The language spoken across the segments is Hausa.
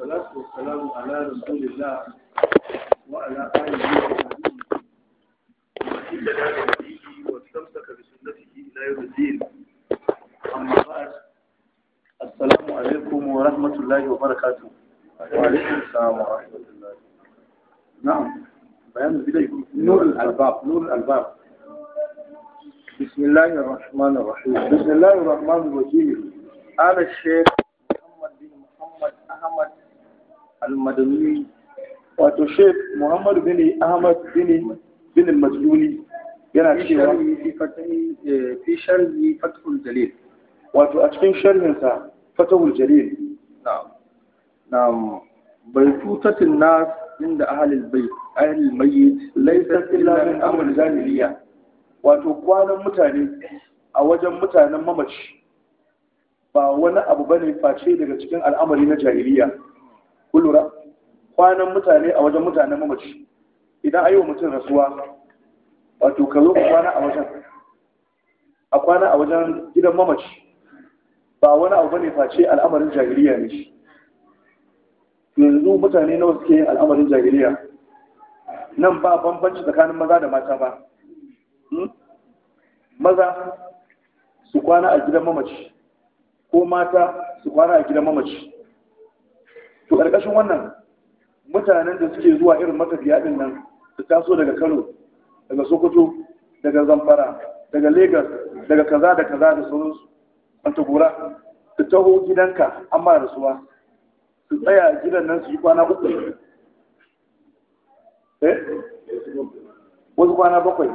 والصلاة والسلام على رسول الله وعلى آله وصحبه ومن تلا بهديه واستمسك بسنته إلى يوم الدين أما بعد السلام عليكم ورحمة الله وبركاته وعليكم السلام ورحمة الله نعم بيان نور الألباب نور الألباب بسم الله الرحمن الرحيم بسم الله الرحمن الرحيم قال الشيخ al wato sheikh muhammad bin ahmad bin bin majluli yana cewa eh, fi sharhi fathul jalil wato a cikin sharhinsa fathul jalil na'am na'am baitutatin nas inda ahlul bait ahlul mayyit laysa illa min amr jahiliya wato kwanan mutane a wajen mutanen mamaci ba wani abu bane face daga cikin al'amari na jahiliya Kulura. kwanan mutane a wajen mutanen mamaci idan ayi wa mutum rasuwa wato ka zo kwana a wajen a kwana a wajen gidan mamaci ba wani abu bane face al'amarin jahiliya ne shi yanzu mutane nawa suke yin al'amarin jahiliya nan ba bambanci tsakanin maza da mata ba hmm? maza su kwana a gidan mamaci ko mata su kwana a gidan mamaci to ƙarƙashin wannan mutanen da suke zuwa irin matafiya ɗin nan su taso daga kano daga sokoto daga zamfara daga lagos daga kaza da kaza da sauransu wata gora su taho gidanka an ma rasuwa su tsaya gidan nan su yi kwana uku eh wasu kwana bakwai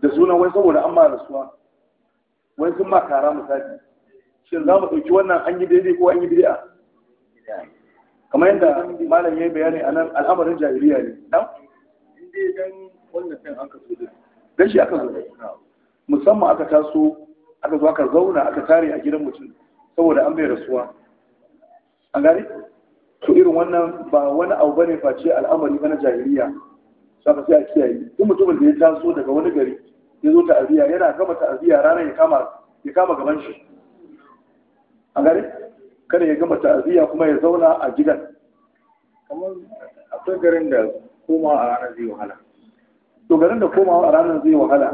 da sunan wai saboda an da rasuwa wai sun ma kara misali shin za mu ɗauki wannan an yi daidai ko an yi bid'a kamar yadda malam ya yi bayani a nan al'amarin jahiliya ne dan inda dan wannan ɗin aka zo da dan shi aka zo musamman aka taso aka zo aka zauna aka tare a gidan mutum saboda an bai rasuwa an gari. to irin wannan ba wani abu bane face al'amari na jahiliya saka sai a kiyaye duk mutumin da ya taso daga wani gari ya zo ta'aziyya yana gama ta'aziyya ranar ya kama ya kama gaban shi a gari kada ya gama ta'aziyya kuma ya zauna a gidan kamar akwai garin da komawa a ranar zai wahala to garin da komawa a ranar zai wahala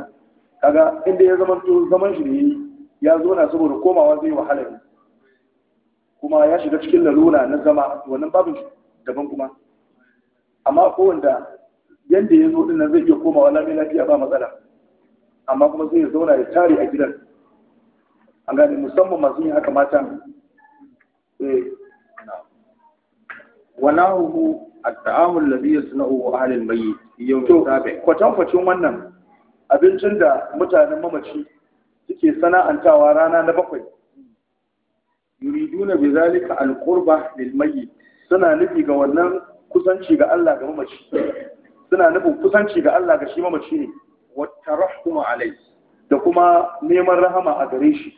kaga inda ya zama to zaman shi ne ya zo na saboda komawa zai wahala ne kuma ya shiga cikin lalura na zama wannan babin daban kuma amma ko wanda yanda ya zo dinnan zai iya komawa lafiya lafiya ba matsala amma kuma zai zauna ya tare a gidan an gane musamman masu yin haka mata وناهه الطعام الذي يصنعه أهل الميت في يوم kwatan kwatankwacin wannan abincin da mutanen mamaci suke sana'antawa rana na bakwai yuriduna bi zalika alqurba lil mayyit suna nufi ga wannan kusanci ga Allah ga mamaci suna nufin kusanci ga Allah ga shi mamaci ne wa tarahum alai da kuma neman rahama a gare shi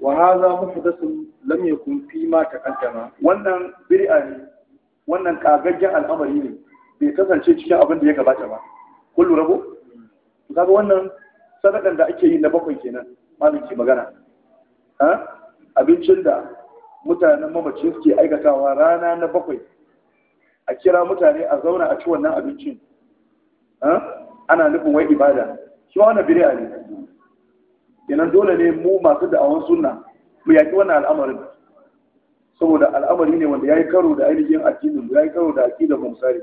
wa hadha muhdathun lam yakun fi ma taqaddama wannan bid'a ne wannan kagaggen al'amari ne bai kasance cikin abin da ya gabata ba kullu rabo kaga wannan sadakan da ake yi na bakwai kenan ki magana ha abincin da mutanen mamacin suke aikatawa rana na bakwai a kira mutane a zauna a ci wannan abincin ana nufin wai ibada shi wannan bid'a ne kenan dole ne mu masu da'awan sunna mu yaƙi wannan al'amarin saboda al'amari ne wanda ya yi karo da ainihin addinin ya yi karo da aƙidar mu misali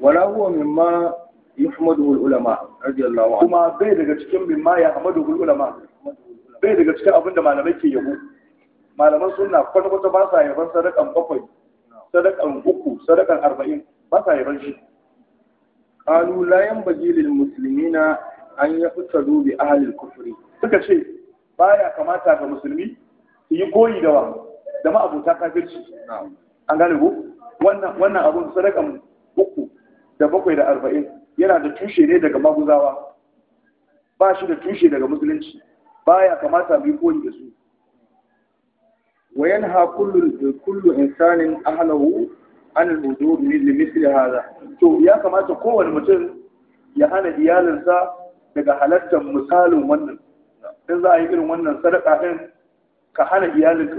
wala huwa mimma yuhmadu ulama radiyallahu anhu kuma bai daga cikin mimma ya hamadu ulama bai daga cikin abin da malamai ke yabo malaman sunna kwata kwata ba sa yaban sadakan bakwai sadakan uku sadakan arba'in ba sa yaban shi qalu la yanbaghi lil muslimina an yi fi tsaro bi ahalin kufuri suka ce ba ya kamata ga musulmi su yi koyi da wa da ma'abuta kafirci an gane ku wannan wannan abun sadakan uku da bakwai da arba'in yana da tushe ne daga maguzawa ba shi da tushe daga musulunci ba ya kamata mu yi koyi da su wa yanha kullu kullu insanin ahlahu an al-hudur li misli hadha to ya kamata kowane mutum ya hana iyalinsa daga halartar misalin wannan in za a yi irin wannan sadaka ɗin ka hana iyalinka